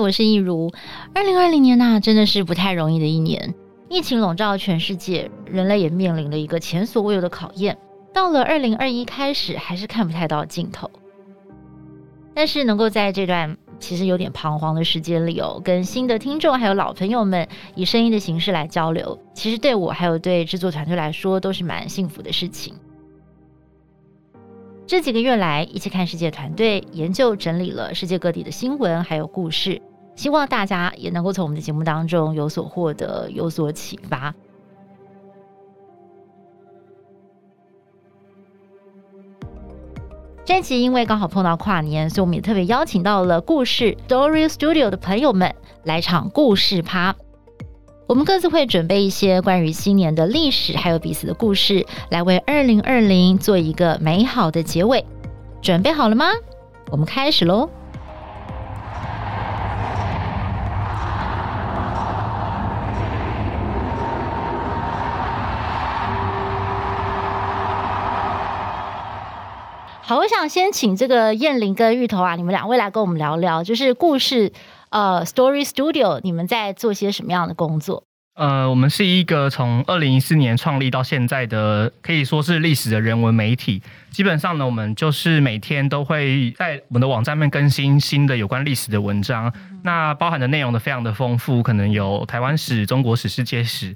我是益如，二零二零年吶、啊，真的是不太容易的一年，疫情籠罩全世界，人類也面臨了一個前所未有的考驗。到了二零二一開始，還是看不太到盡頭。但是能夠在這段其實有點彷徨的時間裡哦，跟新的聽眾還有老朋友們以聲音的形式來交流，其實對我還有對製作團隊來說，都是蠻幸福的事情。這幾個月來，益起看世界團隊研究整理了世界各地的新聞還有故事，希望大家也能夠從我們的節目當中有所獲得，有所啟發。這一期因為剛好碰到跨年，所以我們也特別邀請到了故事 Story Studio 的朋友們來場故事趴。我們各自會準備一些關於新年的歷史，還有彼此的故事，來為二零二零做一個美好的結尾。準備好了嗎？我們開始嘍。好，我想先請這個彥伶跟芋頭啊，你們兩位來跟我們聊聊，就是故事。呃、uh，Story Studio，你們在做些什麼樣的工作？呃，我們是一個從二零一四年創立到現在的，可以說是歷史的人文媒體。基本上呢，我們就是每天都會在我們的網站上面更新新的有關歷史的文章。嗯、那包含的內容呢，非常的豐富，可能有台灣史、中國史、世界史，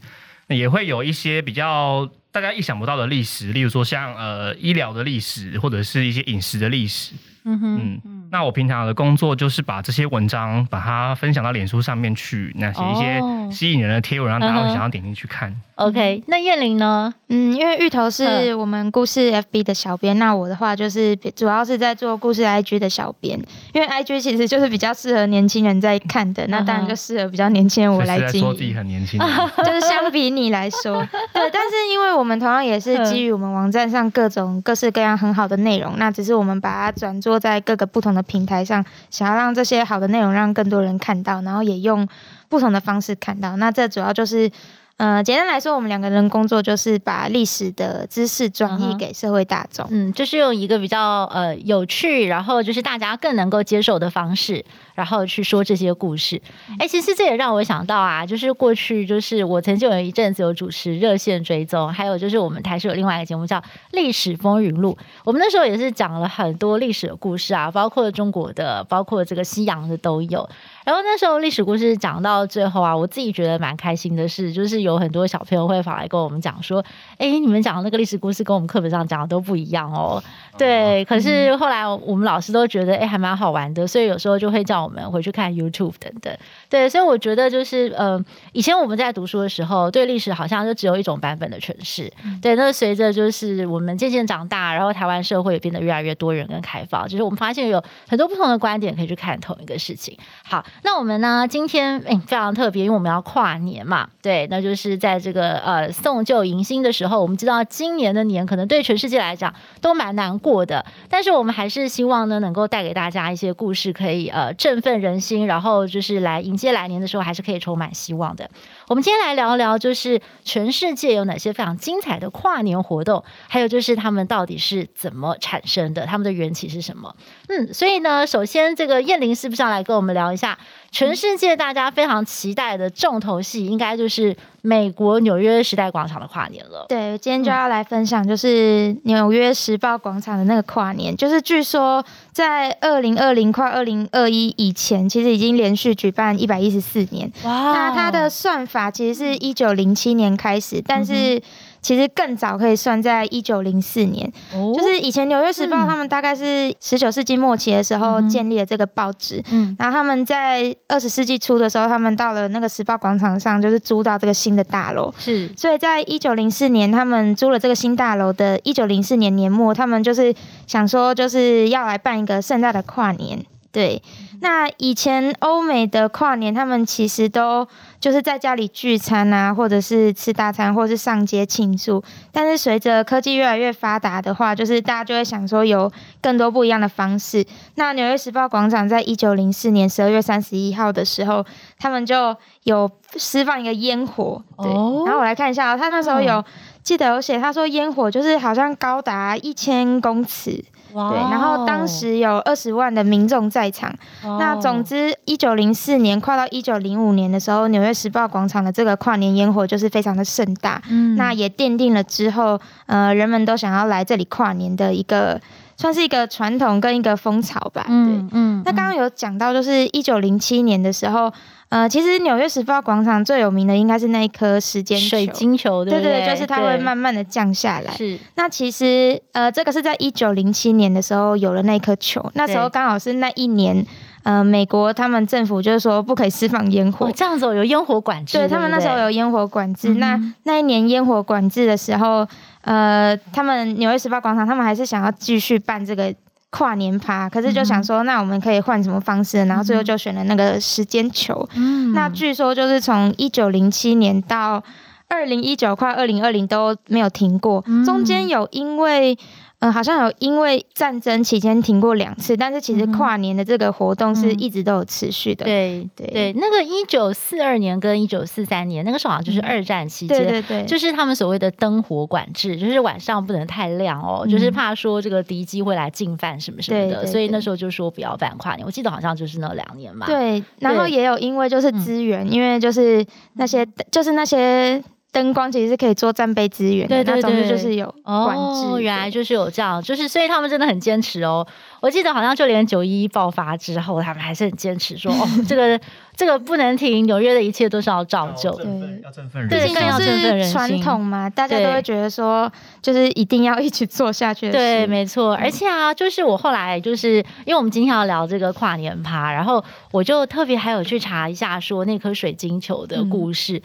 也會有一些比較。大家意想不到的歷史，例如說像呃醫療的歷史，或者是一些飲食的歷史。嗯哼，嗯，那我平常的工作就是把這些文章，把它分享到臉書上面去，那寫一些吸引人的貼文，讓大家會想要點進去看。哦嗯、哼 OK，那彥伶呢？嗯，因為芋頭是我們故事 FB 的小編，呵那我的話就是主要是在做故事 IG 的小編，因為 IG 其實就是比較適合年輕人在看的，嗯、哼那當然就適合比較年輕人我來經營。說自己很年輕， 就是相比你來說，對，但是因為我。我們同樣也是基於我們網站上各種各式各樣很好的內容，呵那只是我們把它轉做在各個不同的平台上，想要讓這些好的內容讓更多人看到，然後也用不同的方式看到。那這主要就是。呃，簡單來說，我們兩個人工作就是把歷史的知識轉移給社會大眾，嗯，就是用一個比較呃有趣，然後就是大家更能夠接受的方式，然後去說這些故事。哎、欸，其實這也讓我想到啊，就是過去就是我曾經有一陣子有主持熱線追蹤，還有就是我們台是有另外一個節目叫《歷史風雲錄》，我們那時候也是講了很多歷史的故事啊，包括中國的，包括這個西洋的都有。然後那時候歷史故事講到最後啊，我自己覺得蠻開心的是，就是有很多小朋友會跑來跟我們講說：“哎，你們講的那個歷史故事跟我們課本上講的都不一樣哦。”對。嗯、可是後來我們老師都覺得：“哎，還蠻好玩的。”所以有時候就會叫我們回去看 YouTube 等等。對。所以我覺得就是呃，以前我們在讀書的時候，對歷史好像就只有一種版本的詮釋。嗯、對。那隨着就是我們漸漸長大，然後台灣社會也變得越來越多人跟開放，就是我們發現有很多不同的觀點可以去看同一個事情。好。那我們呢？今天哎，非常特別，因為我們要跨年嘛，對，那就是在這個呃送舊迎新的時候，我們知道今年的年可能對全世界來講都蠻難過的，但是我們還是希望呢能夠帶給大家一些故事，可以呃振奮人心，然後就是來迎接來年的時候還是可以充滿希望的。我們今天來聊一聊，就是全世界有哪些非常精彩的跨年活動，還有就是他們到底是怎麼產生的，他們的緣起是什麼？嗯，所以呢，首先這個彥伶是不是要來跟我們聊一下？全世界大家非常期待的重頭戲，應該就是美國紐約時代廣場的跨年了。對，今天就要來分享，就是紐約時報廣場的那個跨年。就是據說在二零二零跨二零二一以前，其實已經連續舉辦一百一十四年。哇 Wow！那它的算法其實是一九零七年開始，但是。其實更早可以算在一九零四年，哦、就是以前《紐約時報》他們大概是十九世紀末期的時候建立了這個報紙，嗯，嗯，然後他們在二十世紀初的時候，他們到了那個時報廣場上，就是租到這個新的大樓，是，所以在一九零四年他們租了這個新大樓的，一九零四年年末，他們就是想說就是要來辦一個盛大的跨年，對。那以前歐美的跨年，他們其實都就是在家裡聚餐啊，或者是吃大餐，或者是上街慶祝。但是隨着科技越來越發達的話，就是大家就會想說有更多不一樣的方式。那紐約時報廣場在一九零四年十二月三十一號的時候，他們就有施放一個煙火。哦、對，然後我來看一下、喔，他那時候有、嗯、記得我寫，他說煙火就是好像高達一千公尺。Wow 對，然後當時有二十萬的民眾在場。Wow 那總之，一九零四年跨到一九零五年的時候，紐約時報廣場的這個跨年煙火就是非常的盛大。嗯、那也奠定了之後，呃，人們都想要來這裡跨年的一個。算是一個傳統跟一個風潮吧。嗯嗯。對，嗯,那剛剛有講到，就是一九零七年的時候，呃，其實紐約時報廣場最有名的應該是那一顆時間水晶球，對不對？對，就是它會慢慢的降下來。是。那其實，呃，這個是在一九零七年的時候有了那顆球，那時候剛好是那一年。呃，美國他們政府就是說不可以施放煙火。哦，這樣子有煙火管制。對，他們那時候有煙火管制，那那一年煙火管制的時候，呃，他們紐約時報廣場他們還是想要繼續辦這個跨年趴，可是就想說、嗯、哼那我們可以換什麼方式，然後最後就選了那個時間球。嗯、哼那據說就是從一九零七年到二零一九，跨二零二零都沒有停過，嗯、哼中間有因為。嗯，好像有因為戰爭期間停過兩次，但是其實跨年的這個活動是一直都有持續的。嗯嗯、對對對，那個一九四二年跟一九四三年那個時候好像就是二戰期間，嗯、對對、對，就是他們所謂的燈火管制，就是晚上不能太亮哦，嗯、就是怕說這個敵機會來進犯什麼什麼的，對對對，所以那時候就說不要辦跨年。我記得好像就是那兩年嘛。對，對，然後也有因為就是資源，嗯、因為就是那些就是那些。燈光其實是可以做戰備資源。對，對，對，那總之就是有管制哦。哦對，原來就是有這樣，就是所以他們真的很堅持哦、喔。我記得好像就連九一一爆發之後，他們還是很堅持說， 哦，這個這個不能停，紐約的一切都是要照舊，要振奮對人心，就是更要振奮人心傳統嘛。對大家都會覺得說，就是一定要一起做下去。對，沒錯。嗯、而且啊，就是我後來就是因為我們今天要聊這個跨年趴，然後我就特別還有去查一下說那顆水晶球的故事。嗯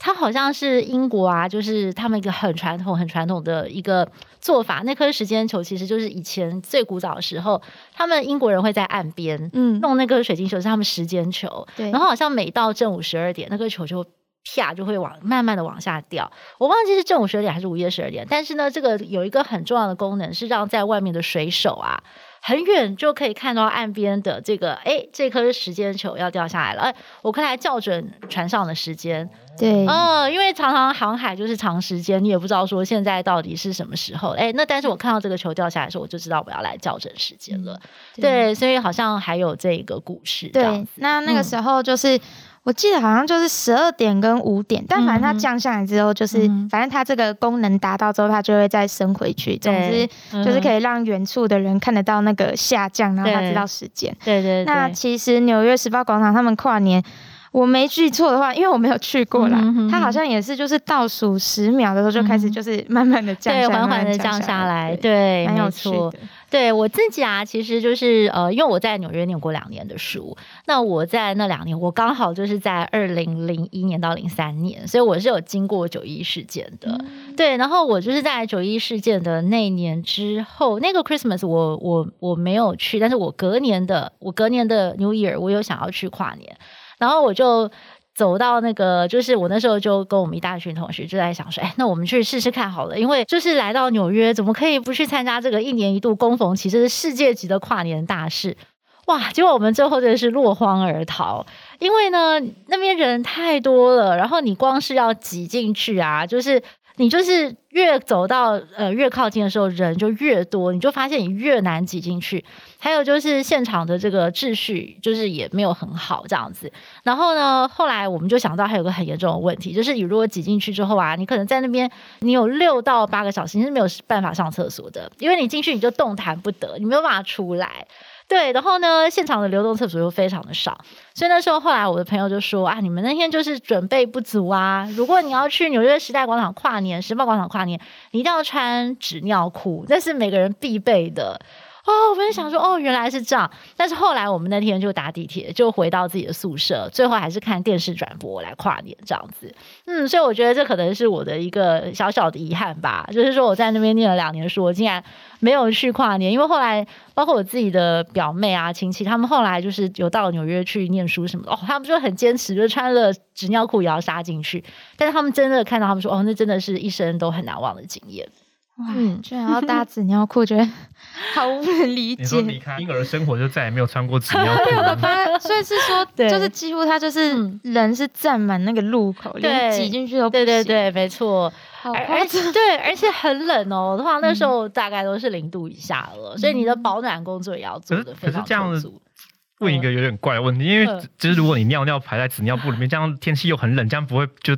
它好像是英國啊，就是他們一個很傳統、很傳統的一個做法。那顆時間球其實就是以前最古早的時候，他們英國人會在岸邊，嗯，弄那個水晶球、嗯、是他們時間球。對然後好像每到正午十二點，那顆球就啪就會往慢慢的往下掉。我忘記是正午十二點還是午夜十二點，但是呢，這個有一個很重要的功能是讓在外面的水手啊。很遠就可以看到岸邊的這個，哎、欸，這顆時間球要掉下來了。哎、欸，我可以來校準船上的時間。對，嗯、呃，因為常常航海就是長時間，你也不知道說現在到底是什麼時候。哎、欸，那但是我看到這個球掉下來的時候，我就知道我要來校準時間了。嗯、對，對，所以好像還有這個故事。對，那那個時候就是、嗯。我記得好像就是十二點跟五點，但反正它降下來之後，就是、嗯嗯、反正它這個功能達到之後，它就會再升回去。對，總之就是可以讓遠處的人看得到那個下降，然後他知道時間。對對，對。那其實紐約時報廣場他們跨年，我沒記錯的話，因為我沒有去過啦，嗯、哼哼，它好像也是就是倒數十秒的時候就開始就是慢慢的降，對，緩緩的降下來，對，對沒有錯。有對我自己啊，其實就是呃，因為我在紐約念過兩年的書，那我在那兩年，我剛好就是在二零零一年到零三年，所以我是有經過九一事件的，嗯、對。然後我就是在九一事件的那年之後，那個 Christmas 我我我沒有去，但是我隔年的我隔年的 New Year 我有想要去跨年。然後我就走到那個，就是我那時候就跟我們一大群同學就在想說，哎，那我們去試試看好了，因為就是來到紐約，怎麼可以不去參加這個一年一度恭逢，其實是世界級的跨年大事，哇！結果我們最後真的是落荒而逃，因為呢那邊人太多了，然後你光是要擠進去啊，就是。你就是越走到呃、越靠近的時候，人就越多，你就發現你越難擠進去。還有就是現場的這個秩序，就是也沒有很好這樣子。然後呢，後來我們就想到還有個很嚴重的問題，就是你如果擠進去之後啊，你可能在那邊你有六到八個小時你是沒有辦法上廁所的，因為你進去你就動彈不得，你沒有辦法出來。對，然後呢，現場的流動廁所又非常的少，所以那時候後來我的朋友就說啊，你們那天就是準備不足啊。如果你要去紐約時代廣場跨年，時報廣場跨年，你一定要穿紙尿褲，那是每個人必備的。哦，我們想說哦，原來是這樣。但是後來我們那天就搭地鐵，就回到自己的宿舍，最後還是看電視轉播來跨年這樣子。嗯，所以我覺得這可能是我的一個小小的遺憾吧，就是說我在那邊念了兩年書，我竟然沒有去跨年。因為後來包括我自己的表妹啊、親戚他們後來就是有到紐約去念書什麼的，哦，他們就很堅持，就穿了紙尿褲也要殺進去。但是他們真的看到他們說，哦，那真的是一生都很難忘的經驗。哇，居然、嗯、要搭紙尿褲！覺得。好難理解。你說離開嬰兒生活就再也沒有穿過紙尿布了。所以是說，就是幾乎他就是人是站滿那個路口，對，連擠進去都不行。對對對，沒錯。而且對，而且很冷哦。的話那時候大概都是零度以下了，所以你的保暖工作也要做得非常充足。可是這樣子問一個有點怪的問題，因為就是如果你尿尿排在紙尿布裡面，這樣天氣又很冷，這樣不會就？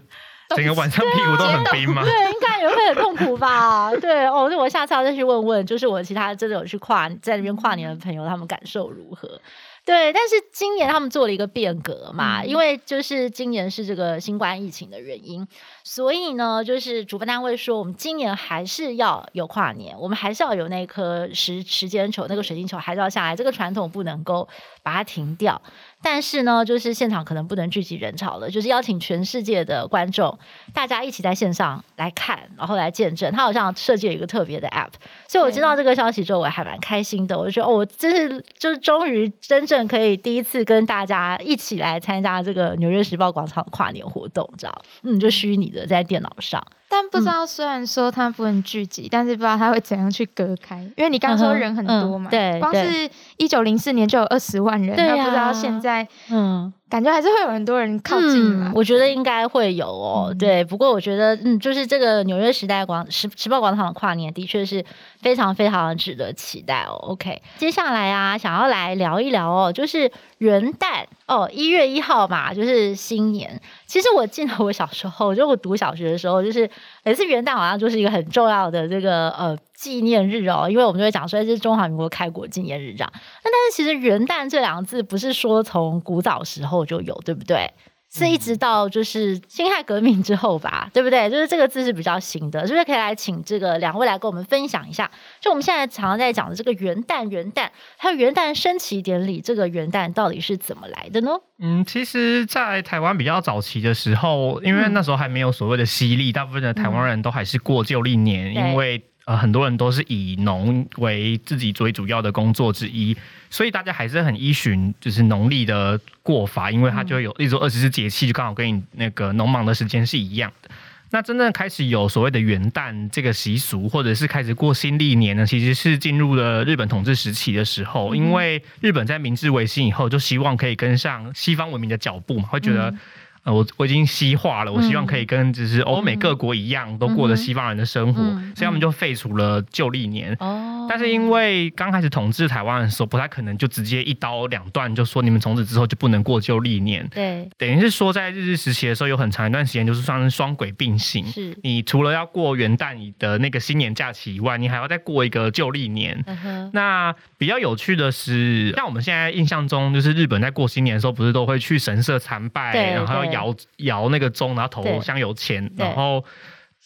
整個晚上屁股都很冰嗎？對，啊、對，應該也會很痛苦吧。 對，哦，那我下次要再去問問，就是我其他真的有去跨在那邊跨年的朋友，他們感受如何？對，但是今年他們做了一個變革嘛，嗯、因為就是今年是這個新冠疫情的原因，所以呢，就是主辦單位說，我們今年還是要有跨年，我們還是要有那顆時時間球，那個水晶球還是要下來，這個傳統不能夠把它停掉。但是呢，就是現場可能不能聚集人潮了，就是邀請全世界的觀眾大家一起在線上來看，然後來見證。他好像設計了一個特別的 app，所以我知道這個消息之後，我還蠻開心的。對我就說，哦，我真是就是終於真正可以第一次跟大家一起來參加這個紐約時報廣場跨年活動，知道？嗯，就虛擬的在電腦上。但不知道，雖然說它不能聚集，嗯、但是不知道他會怎樣去隔開，因為你剛剛說人很多嘛，嗯嗯、對，對，光是一九零四年就有二十萬人，那、啊、不知道現在，嗯。感覺還是會有很多人靠近，嗯，我覺得應該會有哦。嗯、對，不過我覺得，嗯，就是這個紐約時代廣時時報廣場的跨年，的確是非常非常值得期待哦。OK，接下來啊，想要來聊一聊哦，就是元旦哦，一月一號嘛，就是新年。其實我記得我小時候，就我讀小學的時候，就是。每次元旦好像就是一個很重要的這個呃紀念日哦，因為我們就會講說，這是中華民國開國紀念日這樣。那但但是其實元旦這兩個字不是說從古早時候就有，對不對？是一直到就是辛亥革命之後吧，嗯、對不對？就是這個字是比較新的，是不是可以來請這個兩位來跟我們分享一下？就我們現在常常在講的這個元旦，元旦還有元旦升旗典禮，這個元旦到底是怎麼來的呢？嗯，其實，在台灣比較早期的時候，因為那時候還沒有所謂的西曆，嗯、大部分的台灣人都還是過舊曆年，對因為。呃，很多人都是以農為自己最主要的工作之一，所以大家還是很依循就是農曆的過法，因為它就有、嗯、例如二十四節氣就剛好跟你那個農忙的時間是一樣的。那真正開始有所謂的元旦這個習俗，或者是開始過新曆年呢，其實是進入了日本統治時期的時候，嗯、因為日本在明治維新以後就希望可以跟上西方文明的腳步嘛，會覺得。我我已經西化了，我希望可以跟就是歐美各國一樣，嗯、都過着西方人的生活，嗯嗯、所以我們就廢除了舊曆年。哦、嗯。嗯、但是因為剛開始統治台灣的時候，不太可能就直接一刀兩斷，就說你們從此之後就不能過舊曆年。對。等於是說，在日治時期的時候，有很長一段時間就是算是雙軌並行。是。你除了要過元旦，你的那個新年假期以外，你還要再過一個舊曆年。嗯哼。那比較有趣的是，像我們現在印象中，就是日本在過新年的時候，不是都會去神社參拜，對然後。搖搖那個鐘，然後投香油錢，然後，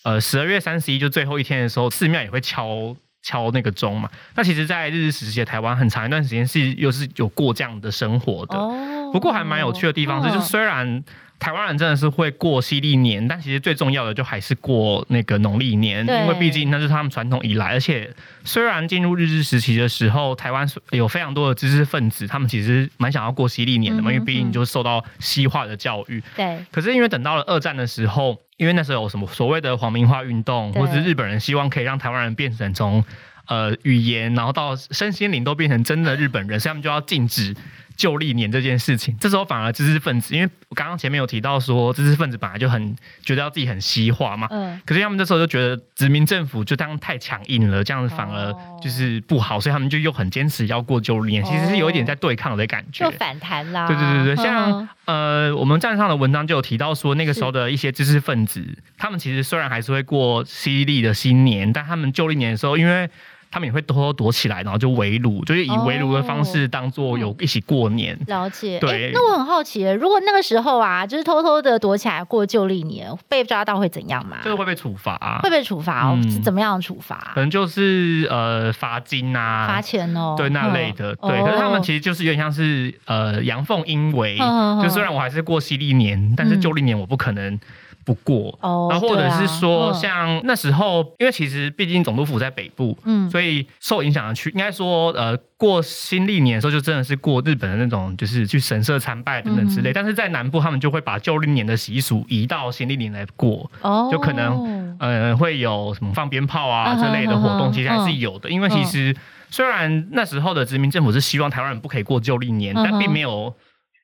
呃，十二月三十一就最後一天的時候，寺廟也會敲敲那個鐘嘛。那其實，在日治時期，台灣很長一段時間是又是有過這樣的生活的。哦不過還蠻有趣的地方是，就雖然台灣人真的是會過西曆年，但其實最重要的就還是過那個農曆年，因為畢竟那是他們傳統以來。而且雖然進入日治時期的時候，台灣有非常多的知識分子，他們其實蠻想要過西曆年的嘛，因為畢竟就受到西化的教育。對。可是因為等到了二戰的時候，因為那時候有什麼所謂的“皇民化運動”，或者是日本人希望可以讓台灣人變成從呃語言，然後到身心靈都變成真的日本人，所以他們就要禁止。舊曆年這件事情，這時候反而知識分子，因為我剛剛前面有提到說，知識分子本來就很覺得要自己很西化嘛，嗯，可是他們這時候就覺得殖民政府就當太強硬了，這樣子反而就是不好，哦、所以他們就又很堅持要過舊曆年，哦、其實是有一點在對抗的感覺，哦、就反彈啦。對對對對，像、嗯、呃，我們站上的文章就有提到說，那個時候的一些知識分子，是他們其實雖然還是會過西曆的新年，但他們舊曆年的時候，因為。他們也會偷偷躲起來，然後就圍爐，就是以圍爐的方式當做有一起過年。了解。對，那我很好奇，如果那個時候啊，就是偷偷的躲起來過舊曆年，被抓到會怎樣嘛，就是會被處罰。會被處罰，是怎麼樣處罰？可能就是呃罰金啊，罰錢哦，對那類的。對，可是他們其實就是有點像是呃陽奉陰違，就雖然我還是過西曆年，但是舊曆年我不可能。不過，那、oh, 或者是說，像那時候，嗯、因為其實畢竟總督府在北部，嗯，所以受影響的區應該說，呃，過新曆年的時候就真的是過日本的那種，就是去神社參拜等等之類。嗯、哼但是在南部，他們就會把舊曆年的習俗移到新曆年來過，哦、就可能呃會有什麼放鞭炮啊這類的活動，其實還是有的。因為其實雖然那時候的殖民政府是希望台灣人不可以過舊曆年，uh huh. 但並沒有。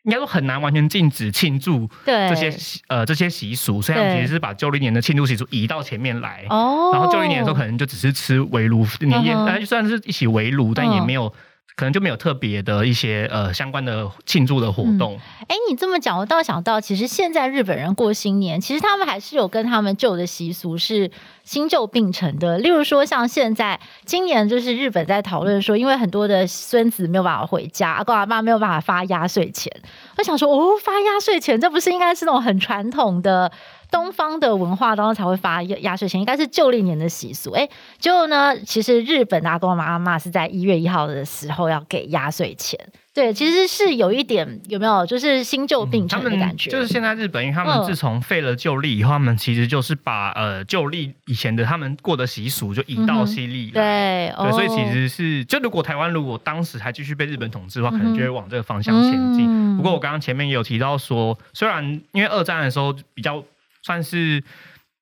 應該說很難完全禁止慶祝這些對呃這些習俗，所以我們其實是把舊曆年的慶祝習俗移到前面來，對然後舊曆年的時候可能就只是吃圍爐，oh, 年夜大家雖然是一起圍爐，但也沒有。可能就沒有特別的一些呃相關的慶祝的活動。哎、嗯欸，你這麼講，我倒想到，其實現在日本人過新年，其實他們還是有跟他們舊的習俗是新舊並存的。例如說，像現在今年就是日本在討論說，因為很多的孫子沒有辦法回家，阿公阿媽沒有辦法發壓歲錢。我想說，哦，發壓歲錢，這不是應該是那種很傳統的？東方的文化當中才會發壓壓歲錢，應該是舊曆年的習俗。哎、欸，就呢，其實日本的阿公阿媽、阿媽是在一月一號的時候要給壓歲錢。對，其實是有一點，有沒有就是新舊並存的感覺？嗯、就是現在日本，因為他們自從廢了舊曆以後，呃、他們其實就是把呃舊曆以前的他們過的習俗就移到新曆、嗯。對，對哦、所以其實是就如果台灣如果當時還繼續被日本統治的話，可能就會往這個方向前進。嗯、不過我剛剛前面也有提到說，雖然因為二戰的時候比較。算是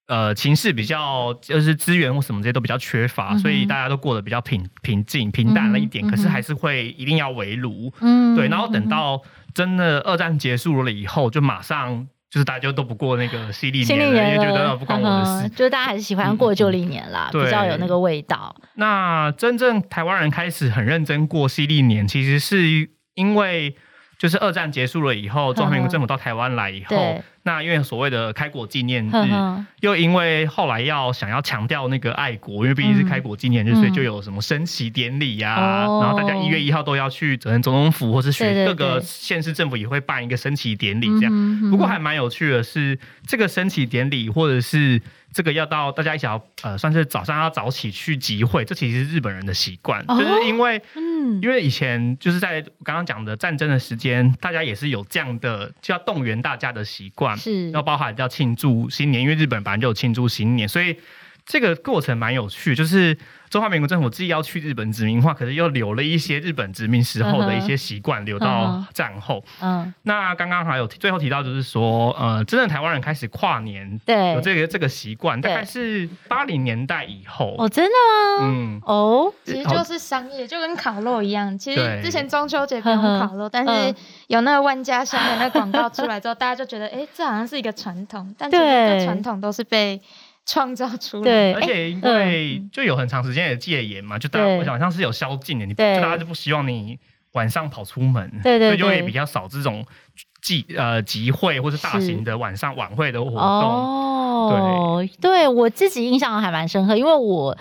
呃，情勢比較就是資源或什麼這些都比較缺乏，嗯、哼所以大家都過得比較平平靜平淡了一點。嗯、哼可是還是會一定要圍爐，嗯哼，對。然後等到真的二戰結束了以後，就馬上就是大家都不過那個西曆年了，也覺得不關我事，嗯、就是大家還是喜歡過舊曆年啦，嗯、哼比較有那個味道。那真正台灣人開始很認真過西曆年，其實是因為就是二戰結束了以後，中華民國政府到台灣來以後。嗯那因為所謂的開國紀念日，呵呵又因為後來要想要強調那個愛國，因為畢竟是開國紀念日，嗯、所以就有什麼升旗典禮啊，哦、然後大家一月一號都要去，可能總統府或是學各個縣市政府也會辦一個升旗典禮這樣。對對對，不過還蠻有趣的是，是這個升旗典禮，或者是這個要到大家一起要呃，算是早上要早起去集會，這其實是日本人的習慣，哦、就是因為，嗯、因為以前就是在剛剛講的戰爭的時間，大家也是有這樣的就要動員大家的習慣。是要包含叫慶祝新年，因為日本本來就有慶祝新年，所以。這個過程蠻有趣，就是中華民國政府自己要去日本殖民化，可是又留了一些日本殖民時候的一些習慣，嗯、哼留到戰後。嗯，那剛剛還有最後提到，就是說，呃，真正台灣人開始跨年，對，有這個這個習慣，對大概是八零年代以後。哦對，嗯 oh, 真的嗎？嗯，哦，其實就是商業，就跟烤肉一樣。其實之前中秋節不用烤肉，對但是有那個萬家香的那廣告出來之後， 大家就覺得，哎、欸，這好像是一個傳統。對，傳統都是被。創造出來，對而且因為就有很長時間的戒嚴嘛，欸嗯、就大家想像是有宵禁的，對你大家就不希望你晚上跑出門，對，對對，所以就會比較少這種集呃集會或是大型的晚上晚會的活動。哦，oh, 對，對我自己印象還蠻深刻，因為我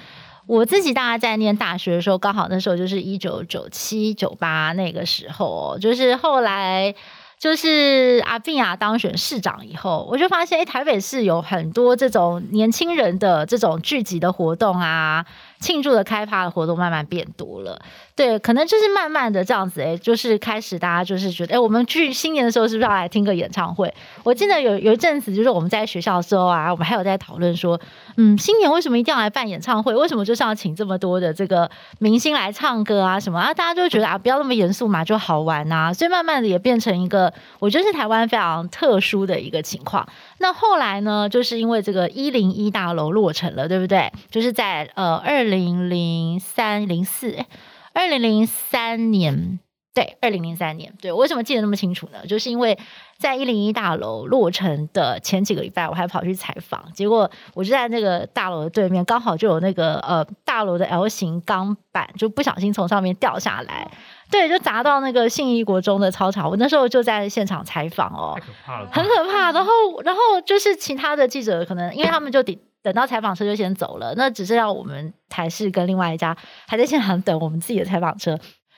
我自己大家在念大學的時候，剛好那時候就是一九九七九八那個時候，就是後來。就是阿扁啊當選市長以後，我就發現，哎、欸，台北市有很多這種年輕人的這種聚集的活動啊，慶祝的開趴的活動，慢慢變多了。對，可能就是慢慢的這樣子，誒，就是開始大家就是覺得，哎，我們去新年的時候是不是要來聽個演唱會？我記得有有一陣子，就是我們在學校的時候啊，我們還有在討論說，嗯，新年為什麼一定要來辦演唱會？為什麼就是要請這麼多的這個明星來唱歌啊什麼啊？大家就覺得啊，不要那麼嚴肅嘛，就好玩吶、啊。所以慢慢的也變成一個，我覺得是台灣非常特殊的一個情況。那後來呢，就是因為這個一零一大樓落成了，對不對？就是在呃二零零三零四。2003, 2004, 二零零三年，對，二零零三年，對，我為什麼記得那麼清楚呢？就是因為在一零一大樓落成的前幾個禮拜，我還跑去採訪，結果我就在那個大樓的對面，剛好就有那個呃大樓的 L 型鋼板，就不小心從上面掉下來，對，就砸到那個信義國中的操場。我那時候就在現場採訪哦，太可怕了，很可怕。然後，然後就是其他的記者可能，因為他們就頂。等到採訪車就先走了，那只是要我們台視跟另外一家還在現場等我們自己的採訪車。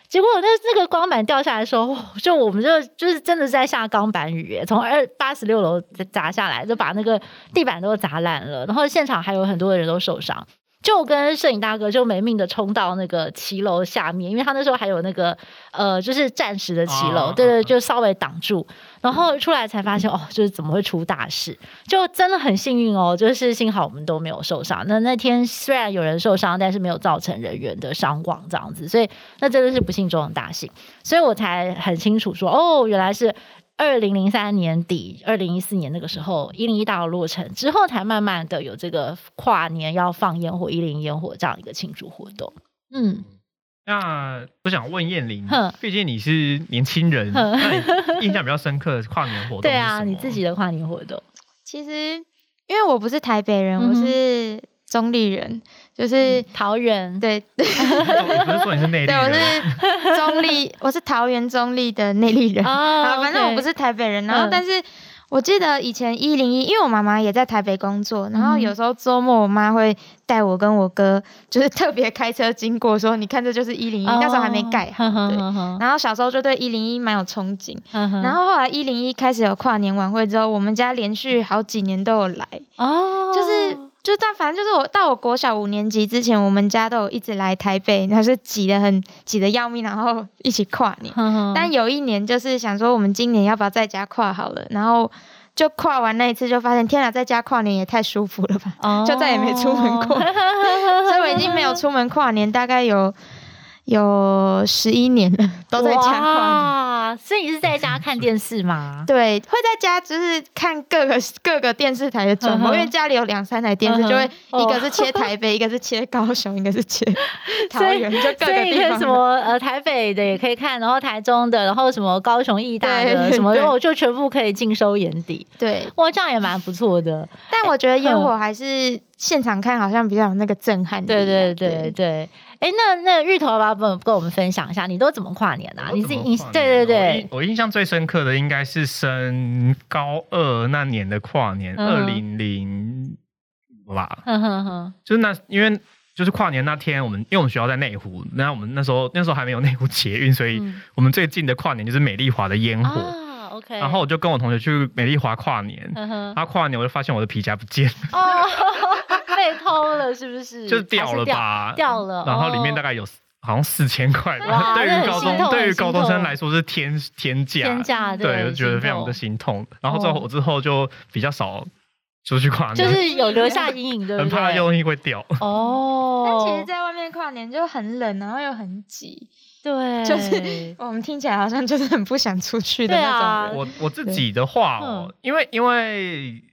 結果那那個鋼板掉下來的時候，哦，就我們就就是真的是在下鋼板雨，從二八十六樓砸下來，就把那個地板都砸爛了，然後現場還有很多人都受傷。就跟攝影大哥就沒命的衝到那個騎樓下面，因為他那時候還有那個呃，就是暫時的騎樓，對對對，就稍微擋住，然後出來才發現哦，就是怎麼會出大事？就真的很幸運哦，就是幸好我們都沒有受傷。那那天雖然有人受傷，但是沒有造成人員的傷亡這樣子，所以那真的是不幸中的大幸，所以我才很清楚說哦，原來是。二零零三年底，二零一四年那個時候，一零一大樓落成之後，才慢慢的有這個跨年要放煙火、一零一煙火這樣一個慶祝活動。嗯，那我想問彥伶，畢竟你是年輕人，呵那你印象比較深刻的跨年活動？ 對啊，你自己的跨年活動。其實因為我不是台北人，我是中壢人。就是、嗯、桃園，對，我、哦、是，是對，我是中壢，我是桃園中壢的內壢人。啊、哦、反正我不是台北人。然後，嗯、但是我記得以前一零一，因為我媽媽也在台北工作，然後有時候周末我媽會帶我跟我哥，就是特別開車經過說，說你看這就是一零一，那時候還沒蓋好對。然後小時候就對一零一蠻有憧憬。嗯、哼然後後來一零一開始有跨年晚會之後，我們家連續好幾年都有來。哦，就是。就但反正就是我到我國小五年級之前，我們家都有一直來台北，然後是擠得很，擠得要命，然後一起跨年。嗯、哼但有一年，就是想說我們今年要不要在家跨好了，然後就跨完那一次，就發現天啊，在家跨年也太舒服了吧，哦、就再也沒出門過。 所以我已經沒有出門跨年，大概有。有十一年了，都在家看。哇！所以你是在家看電視嗎？對，會在家就是看各個各個電視台的轉播，因為家裡有兩三台電視，就會一個是切台北，一個是切高雄，一個是切桃園，就各個地方什麼呃台北的也可以看，然後台中的，然後什麼高雄義大的什麼，然後就全部可以盡收眼底。對，哇，這樣也蠻不錯的。但我覺得煙火還是現場看好像比較有那個震撼。對對對對。哎，那那芋頭要不要跟我們分享一下，你都怎麼跨年啊？年你自己印，對對對，對我，我印象最深刻的應該是升高二那年的跨年，二零零吧。嗯，呵呵，就是那因為就是跨年那天，我們因為我們學校在內湖，那我們那時候那時候還沒有內湖捷運，所以我們最近的跨年就是美麗華的煙火。嗯 Okay. 然後我就跟我同學去美麗華跨年，他、uh huh. 跨年我就發現我的皮夾不見了，哦，被偷了是不是？就掉了吧，掉，掉了。Oh. 然後裡面大概有好像四千塊吧。啊、對於高中，啊、對於高中生來說是天天價，天價，對，對，心痛。就覺得非常的心痛。然後之後我之後就比較少。出去跨年就，就是有留下陰影的人，很怕東西會掉。哦，但其實，在外面跨年就很冷，然後又很擠。對，就是我們聽起來好像就是很不想出去的那種、啊。我我自己的話，因為對因為。因為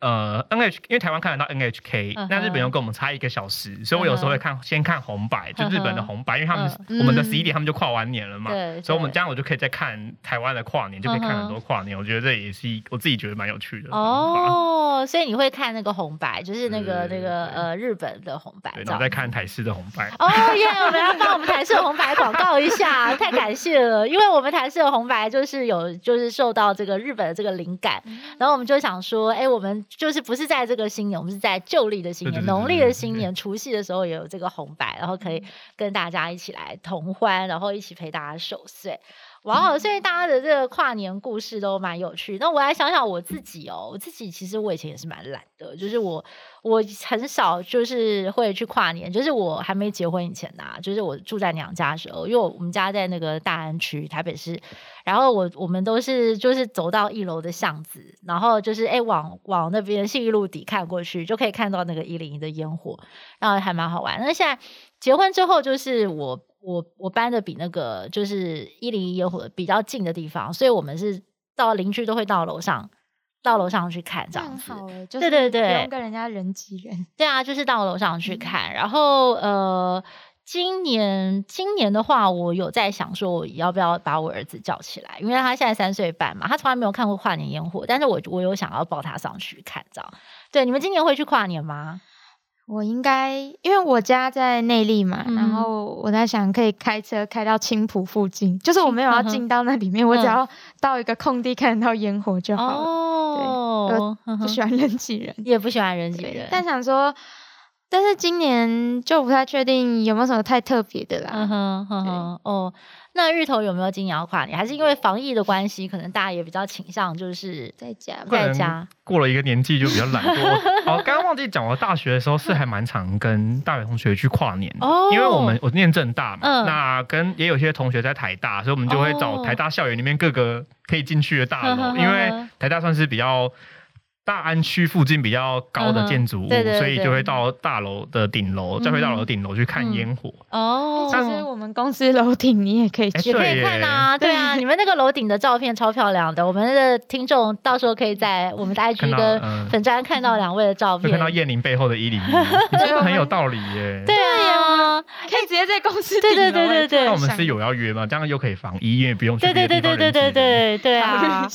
呃 N H 因為台灣看得到 NHK，那日本又跟我們差一個小時，所以我有時候會看先看紅白，就日本的紅白，因為他們我們的十一點他們就跨完年了嘛，所以我們這樣我就可以再看台灣的跨年，就可以看很多跨年，我覺得這也是我自己覺得蠻有趣的。哦，所以你會看那個紅白，就是那個那個呃日本的紅白，對，我在看台視的紅白。哦耶，我們要幫我們台視的紅白廣告一下，太感謝了，因為我們台視的紅白就是有就是受到這個日本的這個靈感，然後我們就想說，哎我們。就是不是在這個新年，我們是在舊歷的新年，對對對對農曆的新年，對對對除夕的時候也有這個紅白，對然後可以跟大家一起來同歡，然後一起陪大家守歲。哇哦！Wow, 所以大家的這個跨年故事都蠻有趣。那我來想想我自己哦，我自己其實我以前也是蠻懶的，就是我我很少就是會去跨年。就是我還沒結婚以前吶、啊，就是我住在娘家的時候，因為我們家在那個大安區台北市。然後我我們都是就是走到一樓的巷子，然後就是誒、欸、往往那邊信義路底看過去，就可以看到那個一零一的煙火，然後還蠻好玩。那現在結婚之後，就是我。我我搬的比那個就是一零一煙火比較近的地方，所以我們是到鄰居都會到樓上，到樓上去看，嗯、這樣子。好，就是對對對，不用跟人家人擠人。對啊，就是到樓上去看。嗯、然後呃，今年今年的話，我有在想說，我要不要把我兒子叫起來，因為他現在三歲半嘛，他從來沒有看過跨年煙火，但是我我有想要抱他上去看，這樣。對，你們今年會去跨年嗎？我應該，因為我家在內壢嘛，嗯、然後我在想可以開車開到青埔附近，青就是我沒有要進到那裡面，嗯、我只要到一個空地看得到煙火就好了。哦，對，就不喜歡人擠人，也不喜歡人擠人，但想說。但是今年就不太確定有沒有什麼太特別的啦，嗯哼。嗯哼，對哦，那芋頭有沒有今年要跨年？還是因為防疫的關係，對可能大家也比較傾向就是在家在家。過了一個年紀就比較懶惰。哦， 剛剛忘記講，我大學的時候是還蠻常跟大學同學去跨年。哦，因為我們我念政大嘛，嗯、那跟也有些同學在台大，所以我們就會找台大校園裡面各個可以進去的大樓，哦、因為台大算是比較。大安區附近比較高的建築物，所以就會到大樓的頂樓，就會到樓頂樓去看煙火哦。其實我們公司樓頂，你也可以，去可以看吶。對啊，你們那個樓頂的照片超漂亮的，我們的聽眾到時候可以在我們的 IG 跟粉專看到兩位的照片，看到彥伶背後的101，這個很有道理耶。對啊，可以直接在公司。對對對對對。那我們是有要約嗎？這樣又可以防疫，因為不用對對對對對對對對啊！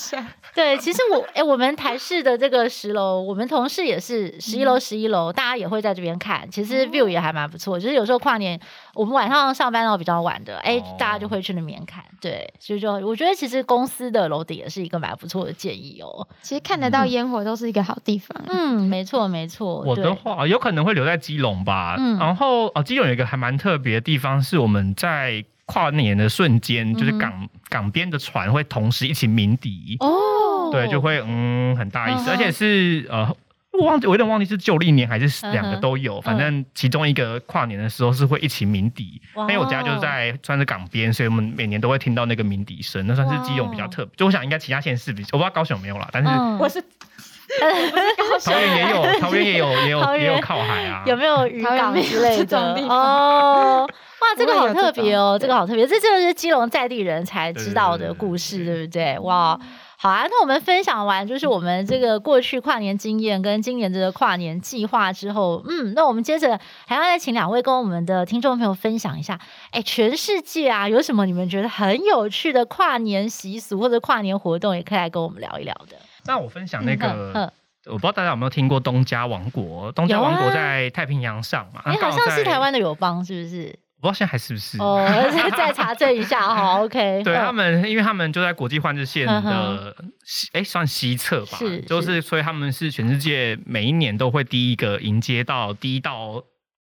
對，其實我哎，我們台視的這個。十樓，我們同事也是十一樓，十一樓大家也會在這邊看，其實 view 也還蠻不錯。嗯、就是有時候跨年，我們晚上上班到比較晚的，哎、欸，哦、大家就會去那邊看。對，所以就我覺得其實公司的樓頂也是一個蠻不錯的建議哦、喔。其實看得到煙火都是一個好地方。嗯,嗯，沒錯沒錯。我的話有可能會留在基隆吧。嗯。然後哦，基隆有一個還蠻特別的地方是，我們在跨年的瞬間，就是港、嗯、港邊的船會同時一起鳴笛。哦。對，就會嗯很大意思，而且是呃，我忘記，我有點忘記是舊曆年還是兩個都有，反正其中一個跨年的時候是會一起鳴笛，因為我家就在算是港邊，所以我們每年都會聽到那個鳴笛聲，那算是基隆比較特別。就我想應該其他縣市比我不知道高雄有沒有啦，但是我是不是高雄也有，桃園也有，也有，也有靠海啊，有沒有漁港之類的？哦，哇，這個好特別哦，這個好特別，這真的是基隆在地人才知道的故事，對不對？哇。好啊，那我們分享完就是我們這個過去跨年經驗跟今年這個跨年計劃之後，嗯，那我們接着還要再請兩位跟我們的聽眾朋友分享一下，哎、欸，全世界啊有什麼你們覺得很有趣的跨年習俗或者跨年活動，也可以來跟我們聊一聊的。那我分享那個，嗯、哼哼我不知道大家有沒有聽過東加王國，東加王國在太平洋上嘛？哎、啊欸，好像是台灣的友邦，是不是？不知道現在還是不是？哦，再再查證一下啊。 OK，對他們，因為他們就在國際換日線的西，哎呵、欸，算西側吧。是，就是，所以他們是全世界每一年都會第一個迎接到第一道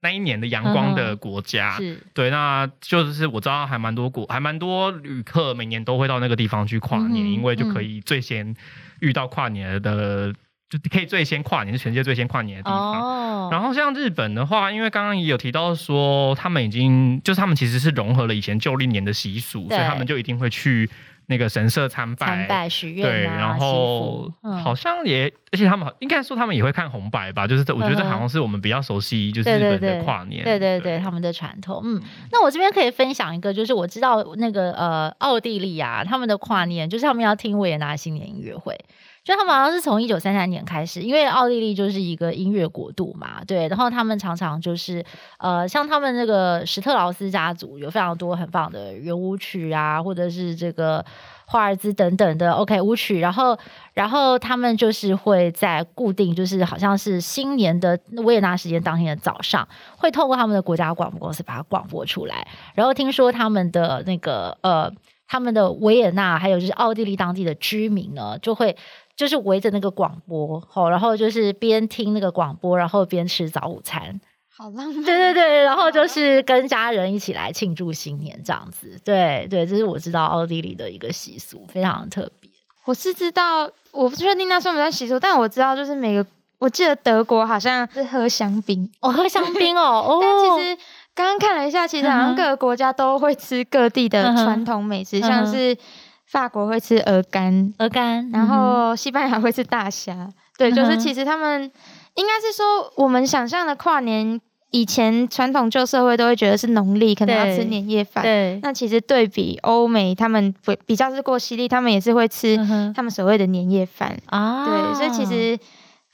那一年的陽光的國家。呵呵是對，那就是是我知道還蠻多國，還蠻多旅客每年都會到那個地方去跨年，嗯、哼因為就可以最先遇到跨年的。就可以最先跨年，是全世界最先跨年的地方。哦。然後像日本的話，因為剛剛也有提到說，他們已經就是他們其實是融合了以前舊曆年的習俗，對所以他們就一定會去那個神社參拜，拜許願，對，然後、嗯、好像也，而且他們應該說他們也會看紅白吧，就是這、嗯、哼我覺得這好像是我們比較熟悉，就是日本的跨年，對對對，對對他們的傳統。嗯，嗯那我這邊可以分享一個，就是我知道那個呃奧地利啊，他們的跨年就是他們要聽維也納新年音樂會。就他們好像是從一九三三年開始，因為奧地利就是一個音樂國度嘛，對。然後他們常常就是呃，像他們那個史特勞斯家族有非常多很棒的圓舞曲啊，或者是這個華爾茲等等的 OK 舞曲。然後，然後他們就是會在固定，就是好像是新年的維也納時間當天的早上，會透過他們的國家廣播公司把它廣播出來。然後聽說他們的那個呃，他們的維也納還有就是奧地利當地的居民呢，就會。就是圍着那個廣播，吼，然後就是邊聽那個廣播，然後邊吃早午餐，好浪漫，啊。對對對，然後就是跟家人一起來慶祝新年這樣子。對對，這是我知道奧地利的一個習俗，非常特別。我是知道，我不確定那算不算習俗，但我知道就是每個，我記得德國好像是喝香檳，我，哦，喝香檳哦。 但其實剛剛看了一下，其實好像各個國家都會吃各地的傳統美食，嗯、哼像是。法國會吃鵝肝，鵝肝，然後西班牙會吃大蝦，嗯、哼對，就是其實他們應該是說我們想象的跨年以前傳統舊社會都會覺得是農曆，可能要吃年夜飯。對對，那其實對比歐美，他們比較是過西曆，他們也是會吃他們所謂的年夜飯啊。嗯、哼對，所以其實。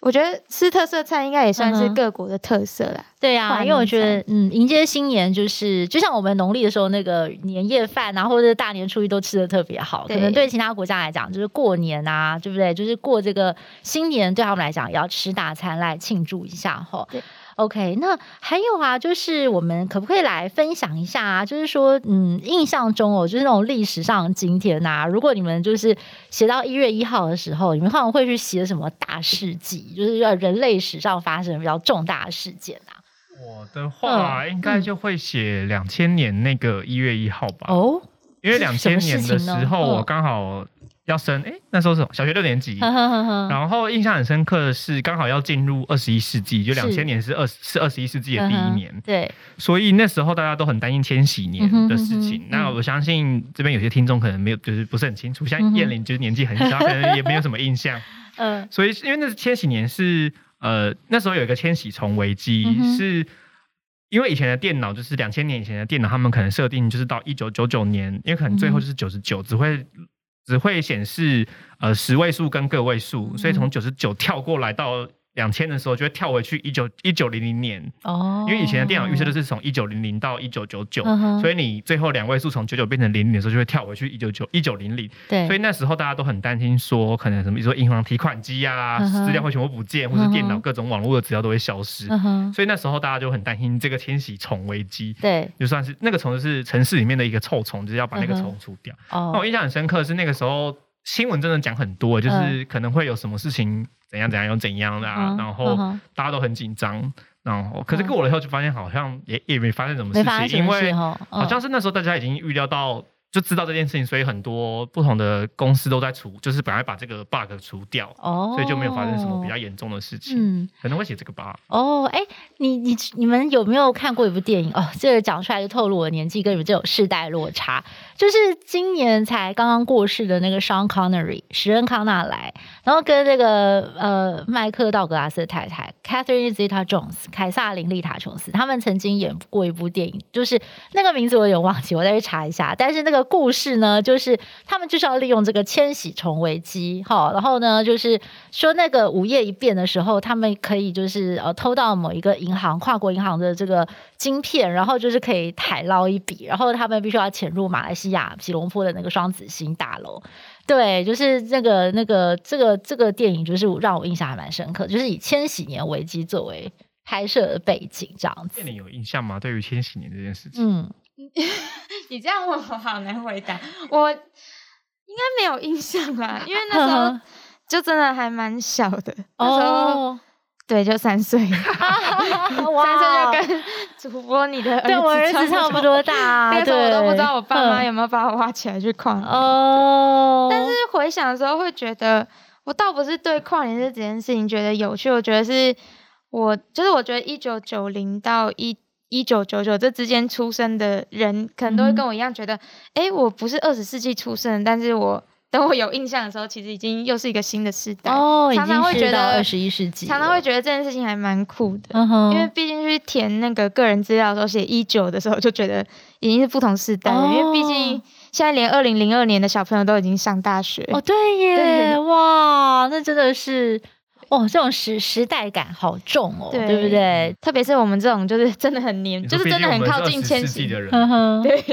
我覺得吃特色菜應該也算是各國的特色啦，嗯。對呀，啊，因為我覺得，嗯，迎接新年就是，就像我們農曆的時候那個年夜飯，啊，然後或者大年初一都吃的特別好。對可能對其他國家來講，就是過年吶，啊，對不對？就是過這個新年，對他們來講也要吃大餐來慶祝一下，哈 OK，那還有啊，就是我們可不可以來分享一下啊？就是說，嗯，印象中哦，就是那種歷史上今天吶、啊，如果你們就是寫到一月一號的時候，你們可能會去寫什麼大事記，就是要人類史上發生比較重大的事件吶、啊。我的話、啊嗯、應該就會寫兩千年那個一月一號吧。哦，因為兩千年的時候我剛好、嗯。要升誒、欸，那時候是小學六年級，呵呵呵，然後印象很深刻的是，剛好要進入二十一世紀，就兩千年是二十是二十一世紀的第一年，呵呵，對，所以那時候大家都很擔心千禧年的事情。嗯、哼哼哼，那我相信這邊有些聽眾可能沒有，就是不是很清楚，像彥伶就是年紀很小，可能、嗯、哼也沒有什麼印象。嗯、 呃，所以因為那是千禧年是，是呃那時候有一個千禧蟲危機，嗯、哼是因為以前的電腦就是兩千年以前的電腦，他們可能設定就是到一九九九年，因為可能最後就是九十九只會。只會顯示呃十位數跟個位數，所以從九十九跳過來到。兩千的時候就會跳回去一九一九零零年哦，oh, 因為以前的電腦預設的是從一九零零到一九九九，huh, 所以你最後兩位數從九九變成零零的時候就會跳回去一九九一九零零。對、huh,，所以那時候大家都很擔心說可能什麼，比如說銀行提款機啊，資、uh huh, 料會全部不見，或是電腦、uh huh, 各種網絡的資料都會消失。Uh、huh, 所以那時候大家就很擔心這個千禧蟲危機。對、uh，huh, 就算是那個蟲是城市裡面的一個臭蟲，就是要把那個蟲除掉。哦、uh，huh, oh. 那我印象很深刻的是那個時候。新聞真的講很多，就是可能會有什麼事情怎樣怎樣又怎樣的，嗯、然後大家都很緊張。嗯、然後可是過了以後就發現好像也、嗯、也沒發生什麼事情，事因為好像是那時候大家已經預料到，就知道這件事情，嗯、所以很多不同的公司都在除，就是本來把這個 bug 除掉，哦、所以就沒有發生什麼比較嚴重的事情。嗯、可能會寫這個 bug。哦，哎、欸，你你你們有沒有看過一部電影？哦，這個講出來就透露我年紀跟你們這種世代落差。就是今年才剛剛過世的那個 Sean Connery 史恩康納萊，然後跟那個呃麥克道格拉斯的太太 Catherine Zeta-Jones 凱撒琳麗塔瓊斯，他們曾經演過一部電影，就是那個名字我有忘記，我再去查一下。但是那個故事呢，就是他們就是要利用這個千禧蟲危機，哈，然後呢，就是說那個午夜一變的時候，他們可以就是呃偷到某一個銀行跨國銀行的這個晶片，然後就是可以海撈一筆，然後他們必須要潛入馬來西亞。西亞吉隆坡的那個雙子星大樓，對，就是那個那個這個這個電影，就是讓我印象還蠻深刻，就是以千禧年危機作為拍攝的背景這樣子。那你有印象嗎？對於千禧年這件事情？嗯， 你這樣問我好難回答， 我應該沒有印象吧，因為那時候就真的還蠻小的。哦、嗯哼。對，就三歲， 三歲就跟主播你的兒子差不多大，但是我都不知道我爸媽有沒有把我挖起來去跨年。哦，但是回想的時候會覺得，我倒不是對跨年這幾件事情覺得有趣，我覺得是我就是我覺得一九九零到一一九九九這之間出生的人，可能都會跟我一樣覺得，哎、嗯哼欸，我不是二十世紀出生，但是我。等我有印象的時候，其實已經又是一個新的時代常、哦、已經常常會覺得，二十一世紀。常常會覺得這件事情還蠻酷的，嗯、哼因為畢竟去填那個個人資料的時候寫一九的時候，就覺得已經是不同世代了。哦、因為畢竟現在連二零零二年的小朋友都已經上大學哦，對耶，對哇，那真的是，哦，這種時時代感好重哦，對，對不對？特別是我們這種就是真的很年，就是真的很靠近千禧的人，嗯、哼對。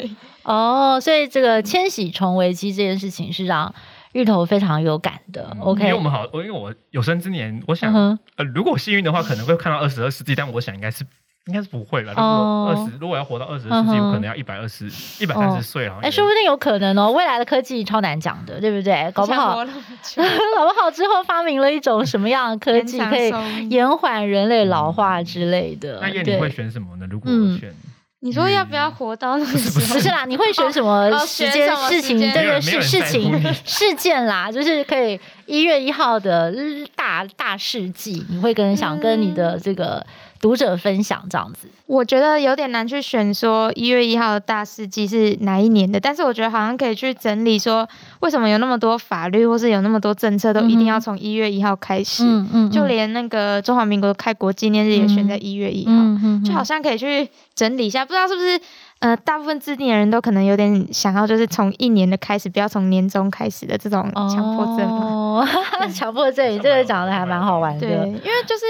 哦，oh, 所以這個千禧蟲危機這件事情是讓芋頭非常有感的。OK，、嗯、因為我們好，因為我有生之年，我想，uh huh. 呃，如果幸運的話，可能會看到二十二世紀，但我想應該是應該是不會了。Uh huh. 如果二十，如果要活到二十世紀，uh huh. 我可能要一百二十一百三十歲了。哎、uh，說、huh. 欸、不定有可能哦，未來的科技超難講的，對不對？搞不好， 搞不好之後發明了一種什麼樣的科技，可以延緩人類老化之類的。那彥伶你會選什麼呢？如果我選。嗯你說要不要活到那，嗯？不，是，不是，是啦，你會選什麼時間、事情？這個事事情事件啦，就是可以一月一號的大大事記，你會跟、嗯、想跟你的這個。讀者分享這樣子，我覺得有點難去選說一月一號的大事記是哪一年的，但是我覺得好像可以去整理說，為什麼有那麼多法律或是有那麼多政策都一定要從一月一號開始，嗯，就連那個中華民國開國紀念日也選在一月一號，嗯，就好像可以去整理一下，不知道是不是呃，大部分制定的人都可能有點想要就是從一年的開始，不要從年終開始的這種強迫症。哦、強迫症，你這個講的還蠻好玩的，好玩的，對，因為就是。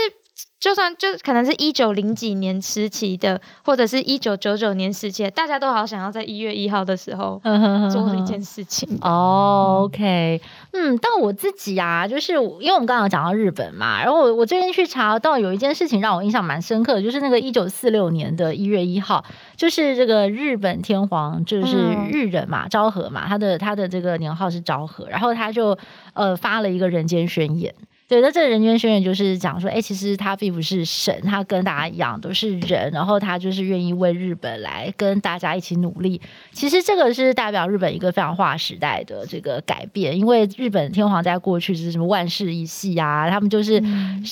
就算就可能是一九零幾年時期的，或者是一九九九年時期，大家都好想要在一月一號的時候做一件事情。 oh, OK，嗯，但我自己啊，就是因為我們剛剛講到日本嘛，然後我我最近去查到有一件事情讓我印象蠻深刻的，就是那個一九四六年的一月一號，就是這個日本天皇，就是日人嘛，嗯、昭和嘛，他的他的這個年號是昭和，然後他就呃發了一個人間宣言。對，那這個人間宣言就是講說，哎、欸，其實他並不是神，他跟大家一樣都是人，然後他就是願意為日本來跟大家一起努力。其實這個是代表日本一個非常劃時代的這個改變，因為日本天皇在過去就是什麼萬世一系啊，他們就是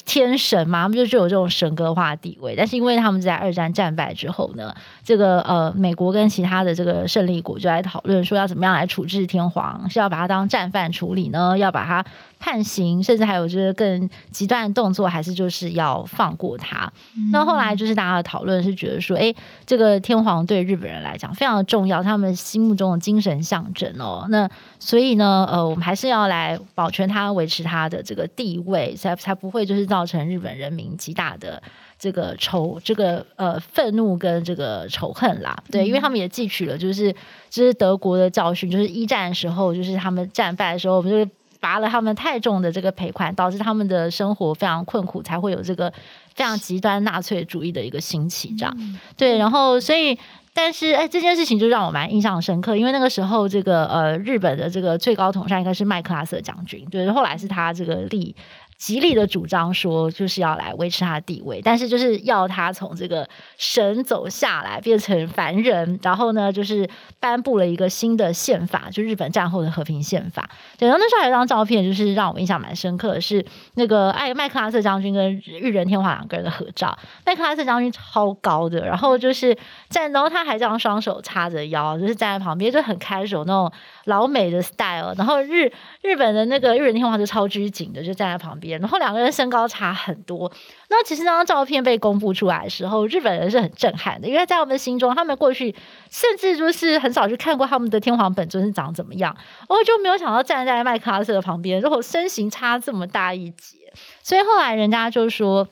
天神嘛，啊，他們就具有這種神格化的地位，但是因為他們在二戰戰敗之後呢，這個呃，美國跟其他的這個勝利國就在討論說要怎麼樣來處置天皇，是要把他當戰犯處理呢，要把他。判刑，甚至還有就是更極端的動作，還是就是要放過他。嗯、那後來就是大家的討論是覺得說，哎，這個天皇對日本人來講非常重要，他們心目中的精神象徵哦。那所以呢，呃，我們還是要來保全他，維持他的這個地位，才才不會就是造成日本人民極大的這個仇，這個呃憤怒跟這個仇恨啦。嗯、對，因為他們也汲取了就是就是德國的教訓，就是一戰的時候，就是他們戰敗的時候，我們就是。罰了他們太重的這個賠款，導致他們的生活非常困苦，才會有這個非常極端納粹主義的一個興起，這樣、嗯、對。然後，所以，但是，哎，這件事情就讓我蠻印象深刻，因為那個時候，這個呃，日本的這個最高統帥應該是麥克阿瑟的將軍，就是後來是他這個利極力的主張說，就是要來維持他的地位，但是就是要他從這個神走下來，變成凡人。然後呢，就是頒布了一個新的憲法，就日本戰後的和平憲法。對，然後那時候還有一張照片，就是讓我印象蠻深刻的是那個艾、哎、麥克阿瑟將軍跟裕仁天皇兩個人的合照。麥克阿瑟將軍超高的，然後就是站，然後他還這樣雙手叉着腰，就是站在旁邊，就很開手那種老美的 style。然後日日本的那個裕仁天皇是超拘謹的，就站在旁邊。然後兩個人身高差很多，那其實那張照片被公布出來的時候，日本人是很震撼的，因為在他們心中，他們過去甚至就是很少去看過他們的天皇本尊是長怎麼樣，然後就沒有想到站在麥克阿瑟的旁邊，然後身形差這麼大一截，所以後來人家就說，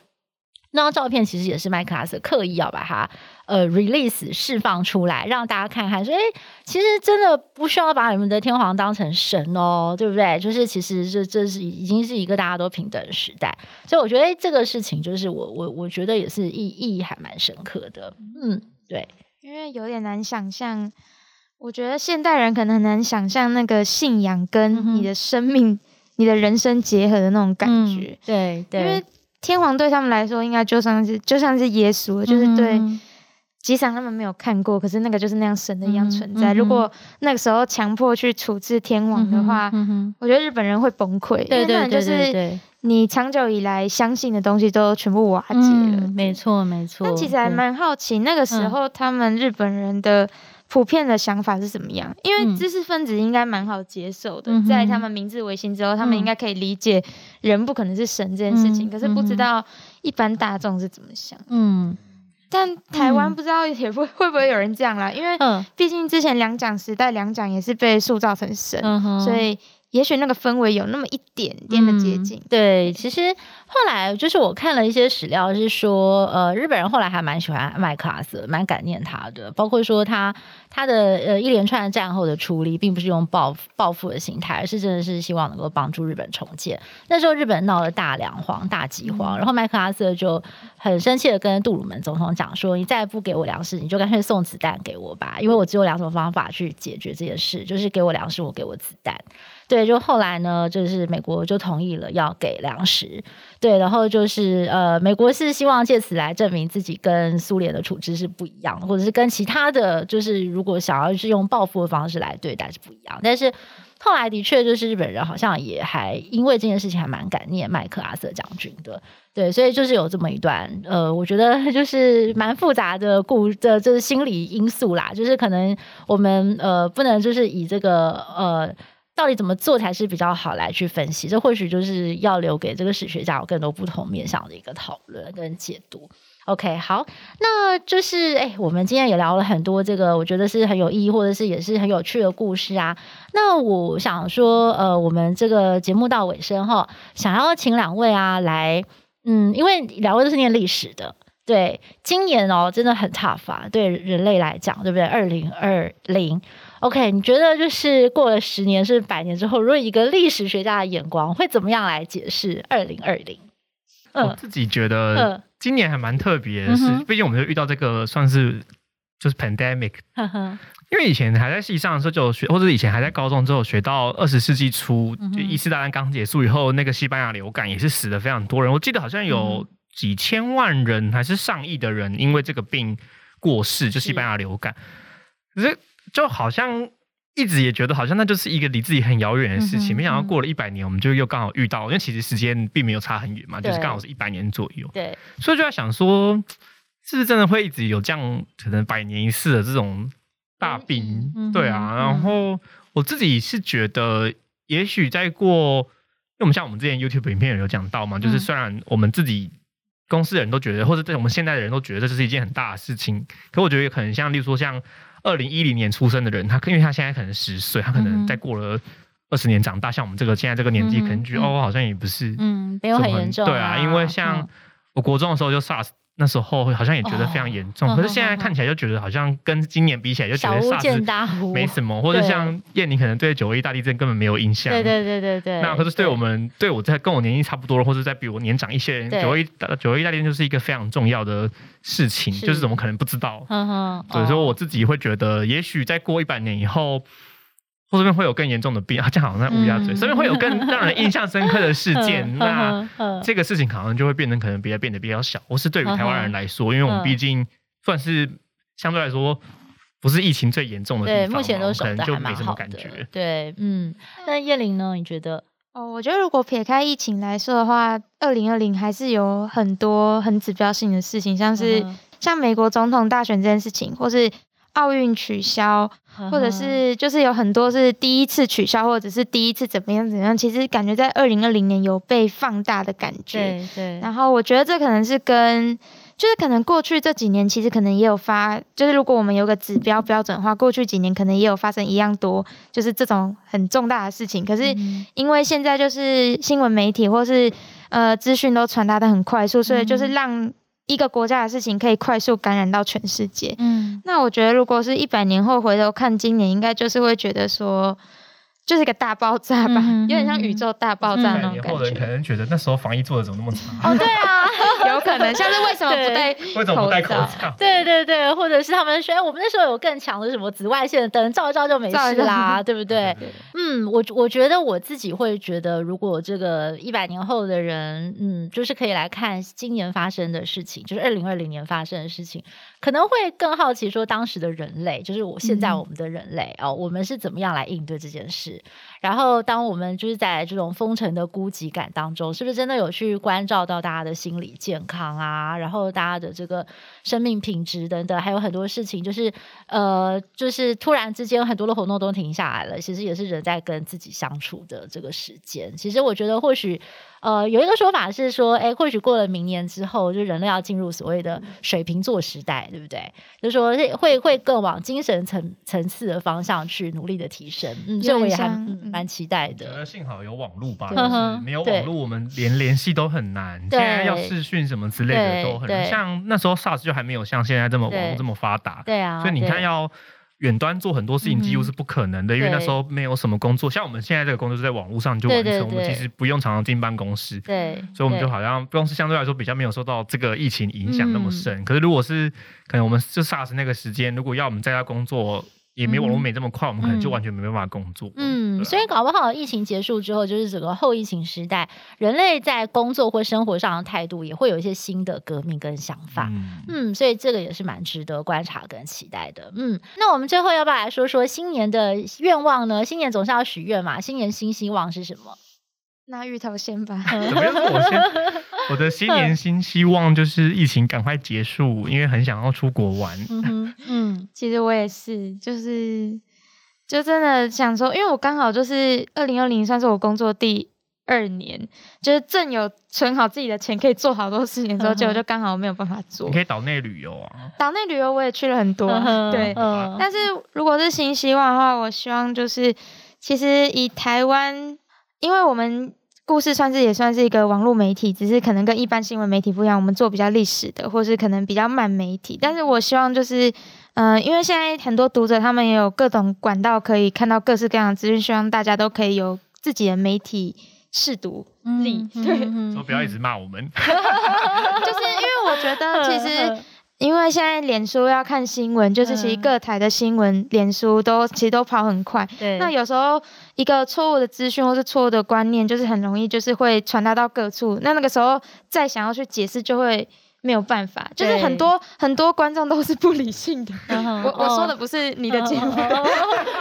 那張照片其實也是麥克阿瑟刻意要把它。呃，release 釋放出來，讓大家看看，說、欸、其實真的不需要把你們的天皇當成神哦、喔，對不對？就是其實這這是已經是一個大家都平等的時代，所以我覺得、欸、這個事情就是我我我覺得也是意意義還蠻深刻的，嗯，對，因為有點難想象，我覺得現代人可能很難想象那個信仰跟你的生命、嗯、哼你的人生結合的那種感覺，嗯、對，對因為天皇對他們來說，應該就像是就像是耶穌，就是對、嗯。實際上他們沒有看過，可是那個就是那樣神的一樣存在。如果那個時候強迫去處置天皇的話，我覺得日本人會崩潰。對對對對，就是你長久以來相信的東西都全部瓦解了。沒錯沒錯。但其實還蠻好奇那個時候他們日本人的普遍的想法是怎麼樣？因為知識分子應該蠻好接受的，在他們明治維新之後，他們應該可以理解人不可能是神這件事情。可是不知道一般大眾是怎麼想。嗯。但台灣不知道也會會不會有人這樣啦？嗯、因為畢竟之前兩蔣時代，兩蔣也是被塑造成神，嗯、哼所以。也許那個氛圍有那麼一點點的接近，嗯。對，其實後來就是我看了一些史料，是說，呃，日本人後來還蠻喜歡麥克阿瑟，蠻感念他的。包括說他他的呃一連串戰後的處理，並不是用報報復的心態，而是真的是希望能夠幫助日本重建。那時候日本鬧了大糧荒，大饑荒，然後麥克阿瑟就很生氣的跟杜魯門總統講說：“嗯、你再不給我糧食，你就乾脆送子彈給我吧，因為我只有兩種方法去解決這件事，就是給我糧食，我給我子彈。”對，就後來呢，就是美國就同意了要給糧食，對，然後就是呃，美國是希望借此來證明自己跟蘇聯的處置是不一樣，或者是跟其他的，就是如果想要是用報復的方式來對待是不一樣。但是後來的確就是日本人好像也還因為這件事情還蠻感念麥克阿瑟將軍的，對，所以就是有這麼一段呃，我覺得就是蠻複雜的故的就是心理因素啦，就是可能我們呃不能就是以這個呃。到底怎麼做才是比較好來去分析？這或許就是要留給這個史學家有更多不同面向的一個討論跟解讀。OK，好，那就是誒、欸、我們今天也聊了很多這個，我覺得是很有意義或者是也是很有趣的故事啊。那我想說，呃，我們這個節目到尾聲哈，想要請兩位啊來，嗯，因為兩位都是念歷史的，對，今年哦真的很 tough 啊，對人類來講，對不對？二零二零。OK，你覺得就是過了十年、是百年之後，如果一個歷史學家的眼光會怎麼樣來解釋二零二零？嗯，我自己覺得今年還蠻特別的是，是、嗯、哼畢竟我們就遇到這個算是就是 pandemic，、嗯、哼因為以前還在西上的時候就學，或者以前還在高中之後學到二十世紀初，就一次大戰剛結束以後，那個西班牙流感也是死了非常多人，我記得好像有幾千萬人還是上億的人因為這個病過世，是就是西班牙流感，可是。就好像一直也覺得好像那就是一個離自己很遙遠的事情，沒想到過了一百年我們就又剛好遇到，因為其實時間並沒有差很遠嘛，就是剛好是一百年左右。對，所以就在想說，是不是真的會一直有這樣可能百年一次的這種大病？對啊，然後我自己是覺得，也許再過，因為我們像我們之前 YouTube 影片有講到嘛，就是雖然我們自己公司的人都覺得，或者對我們現在的人都覺得這是一件很大的事情，可我覺得可能像，例如說像。二零一零年出生的人，他因為，他現在可能十歲，他可能再過了二十年長大，嗯、像我們這個現在這個年紀，嗯、可能覺得哦，好像也不是，嗯，沒有很嚴重，啊很，對啊，因為像我國中的時候就 SARS。那時候好像也覺得非常嚴重，oh, 可是現在看起來就覺得好像跟今年比起來就覺得小巫見大巫，沒什麼。或者像彥伶可能對九一大地震根本沒有印象。對對對對對，對。那可是對我們，對，對我在跟我年紀差不多，或者在比我年長一些人對，九一大九一大地震就是一個非常重要的事情，是就是怎麼可能不知道？呵呵所以說我自己會覺得，也許再過一百年以後。或者邊會有更嚴重的病啊，像好像烏鴉嘴，身邊、嗯、會有更讓人印象深刻的事件。呵呵呵，那這個事情可能就會變得可能比較變得比較小。我呵是對於台灣人來說，呵呵因為我們畢竟算是相對來說不是疫情最嚴重的地方，可能就沒什麼感覺。對，嗯。那彥伶呢？你覺得？哦，我覺得如果撇開疫情來說的話，二零二零還是有很多很指標性的事情，像是像美國總統大選這件事情，或是。奧運取消，或者是就是有很多是第一次取消，或者是第一次怎麼樣怎麼樣，其實感覺在二零二零年有被放大的感覺。對，對。然後我覺得這可能是跟，就是可能過去這幾年其實可能也有發，就是如果我們有個指標標準的話，過去幾年可能也有發生一樣多，就是這種很重大的事情。可是因為現在就是新聞媒體或是呃資訊都傳達得很快速，所以就是讓。一個國家的事情可以快速感染到全世界。嗯，那我覺得，如果是一百年後回頭看今年，應該就是會覺得說。就是個大爆炸吧，有點像宇宙大爆炸那種感覺、嗯。嗯、年後的人可能覺得那時候防疫做的怎麼那麼差？哦，對啊， 有可能像是為什麼不戴口罩對？對對對，或者是他們說、哎、我們那時候有更強的什麼紫外線燈，燈照一照就沒事啦，照一照對不對？對對對嗯，我我覺得我自己會覺得，如果這個一百年後的人，嗯，就是可以來看今年發生的事情，就是二零二零年發生的事情。可能會更好奇，說當時的人類，就是我現在我們的人類、嗯、哦，我們是怎麼樣來應對這件事？然後，當我們就是在這種封城的孤寂感當中，是不是真的有去關照到大家的心理健康啊？然後大家的這個生命品質等等，還有很多事情，就是呃，就是突然之間很多的活動都停下來了。其實也是人在跟自己相處的這個時間。其實我覺得，或許呃，有一個說法是說，哎，或許過了明年之後，就人類要進入所謂的水瓶座時代，對不對？就是說，會會更往精神層層次的方向去努力的提升。嗯，這我也很。蠻期待的，覺得幸好有網絡吧。對 就是沒有網絡，我們連聯繫都很難。現在要視訊什麼之類的都很難像那時候，SARS 就還沒有像現在這麼網絡這麼發達。對啊，所以你看要遠端做很多事情幾乎是不可能的，因為那時候沒有什麼工作。像我們現在這個工作就在網絡上就完成，我們其實不用常常進辦公室。對，所以我們就好像公司相對來說比較沒有受到這個疫情影響那麼深。可是如果是可能，我們就 SARS 那個時間，如果要我們在家工作。也沒，嗯、歐美這麼快，我們可能就完全沒辦法工作嗯。嗯，所以搞不好疫情結束之後，就是整個後疫情時代，人類在工作或生活上的態度也會有一些新的革命跟想法。嗯，嗯，所以這個也是蠻值得觀察跟期待的。嗯，那我們最後要不要來說說新年的願望呢？新年總是要許願嘛，新年新希望是什麼？那芋頭先吧。 我先，我的新年新希望就是疫情趕快結束，因為很想要出國玩 嗯。嗯嗯，其實我也是，就是就真的想說，因為我剛好就是二零二零，算是我工作第二年，就是正有存好自己的錢，可以做好多事情。之後、嗯、哼結果就剛好沒有辦法做，你可以島內旅遊啊。島內旅遊我也去了很多，嗯、哼對。嗯、哼但是如果是新希望的話，我希望就是其實以台灣。因為我們故事算是也算是一個網絡媒體，只是可能跟一般新聞媒體不一樣，我們做比較歷史的，或是可能比較慢媒體。但是我希望就是，嗯、呃，因為現在很多讀者他們也有各種管道可以看到各式各樣的資訊，希望大家都可以有自己的媒體識讀力。嗯、對，說、哦、不要一直罵我們。 就是因為我覺得其實呵呵。因為現在臉書要看新聞，就是其實各台的新聞，嗯、臉書都其實都跑很快。對，那有時候一個錯誤的資訊或是錯誤的觀念，就是很容易就是會傳達到各處。那那個時候再想要去解釋，就會沒有辦法。對就是很多很多觀眾都是不理性的。嗯、我、哦、我說的不是你的節目、嗯。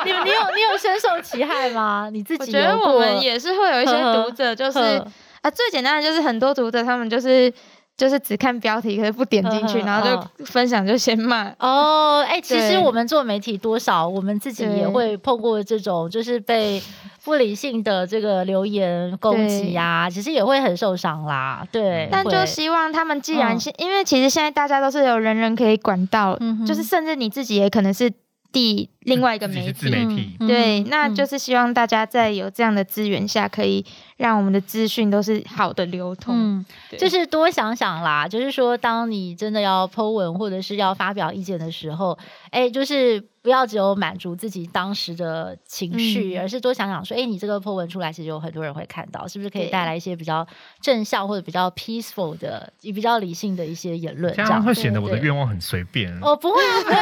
你你有你有深受其害嗎？你自己？我覺得我們也是會有一些讀者，就是呵呵啊，最簡單的就是很多讀者他們就是。就是只看標題，可是不點進去，呵呵，然後就分享、哦、就先罵。哦。哎、欸，對其實我們做媒體多少，我們自己也會碰過這種，對就是被不理性的這個留言攻擊啊，對其實也會很受傷啦。對，但就希望他們，既然是、嗯、因為其實現在大家都是有人人可以管到，嗯、哼就是甚至你自己也可能是。第另外一個媒體，媒體。嗯、對，嗯、那就是希望大家在有這樣的資源下，可以讓我們的資訊都是好的流通。嗯、對就是多想想啦，就是說，當你真的要 Po 文或者是要發表意見的時候，哎、欸，就是。不要只有滿足自己當時的情緒，而是多想想說，哎，你這個 PO 文出來，其實有很多人會看到，是不是可以帶來一些比較正向或者比較 peaceful 的，比較理性的一些言論？這樣會顯得我的願望很隨便。我不會，對，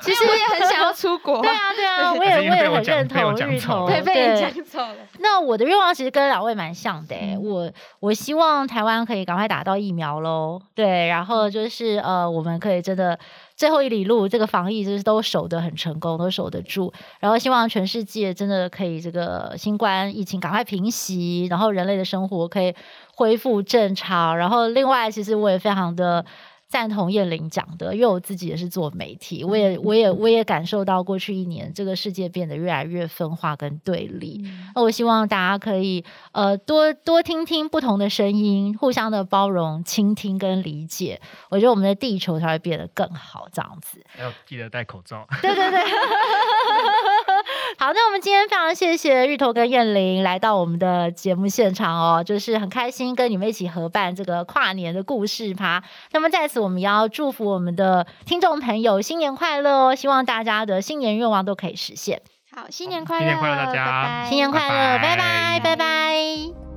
其實也很想要出國。對啊，對啊，我也，我也很認同，被你講走了。那我的願望其實跟兩位蠻像的，我我希望台灣可以趕快打到疫苗嘍。對，然後就是呃，我們可以真的。最後一里路，這個防疫就是都守得很成功，都守得住。然後希望全世界真的可以這個新冠疫情趕快平息，然後人類的生活可以恢復正常。然後另外，其實我也非常的。贊同彥伶講的，因為我自己也是做媒體，我也，我也，我也感受到過去一年這個世界變得越來越分化跟對立。那、嗯、我希望大家可以，呃，多多聽聽不同的聲音，互相的包容、傾聽跟理解。我覺得我們的地球才會變得更好，這樣子。要記得戴口罩。對對對。 好，那我們今天非常謝謝芋頭跟彥伶來到我們的節目現場哦，就是很開心跟你們一起合辦這個跨年的故事趴。那麼在此，我們也要祝福我們的聽眾朋友新年快樂哦，希望大家的新年願望都可以實現。好，新年快樂，新年快樂，大家新年快樂，拜拜拜拜。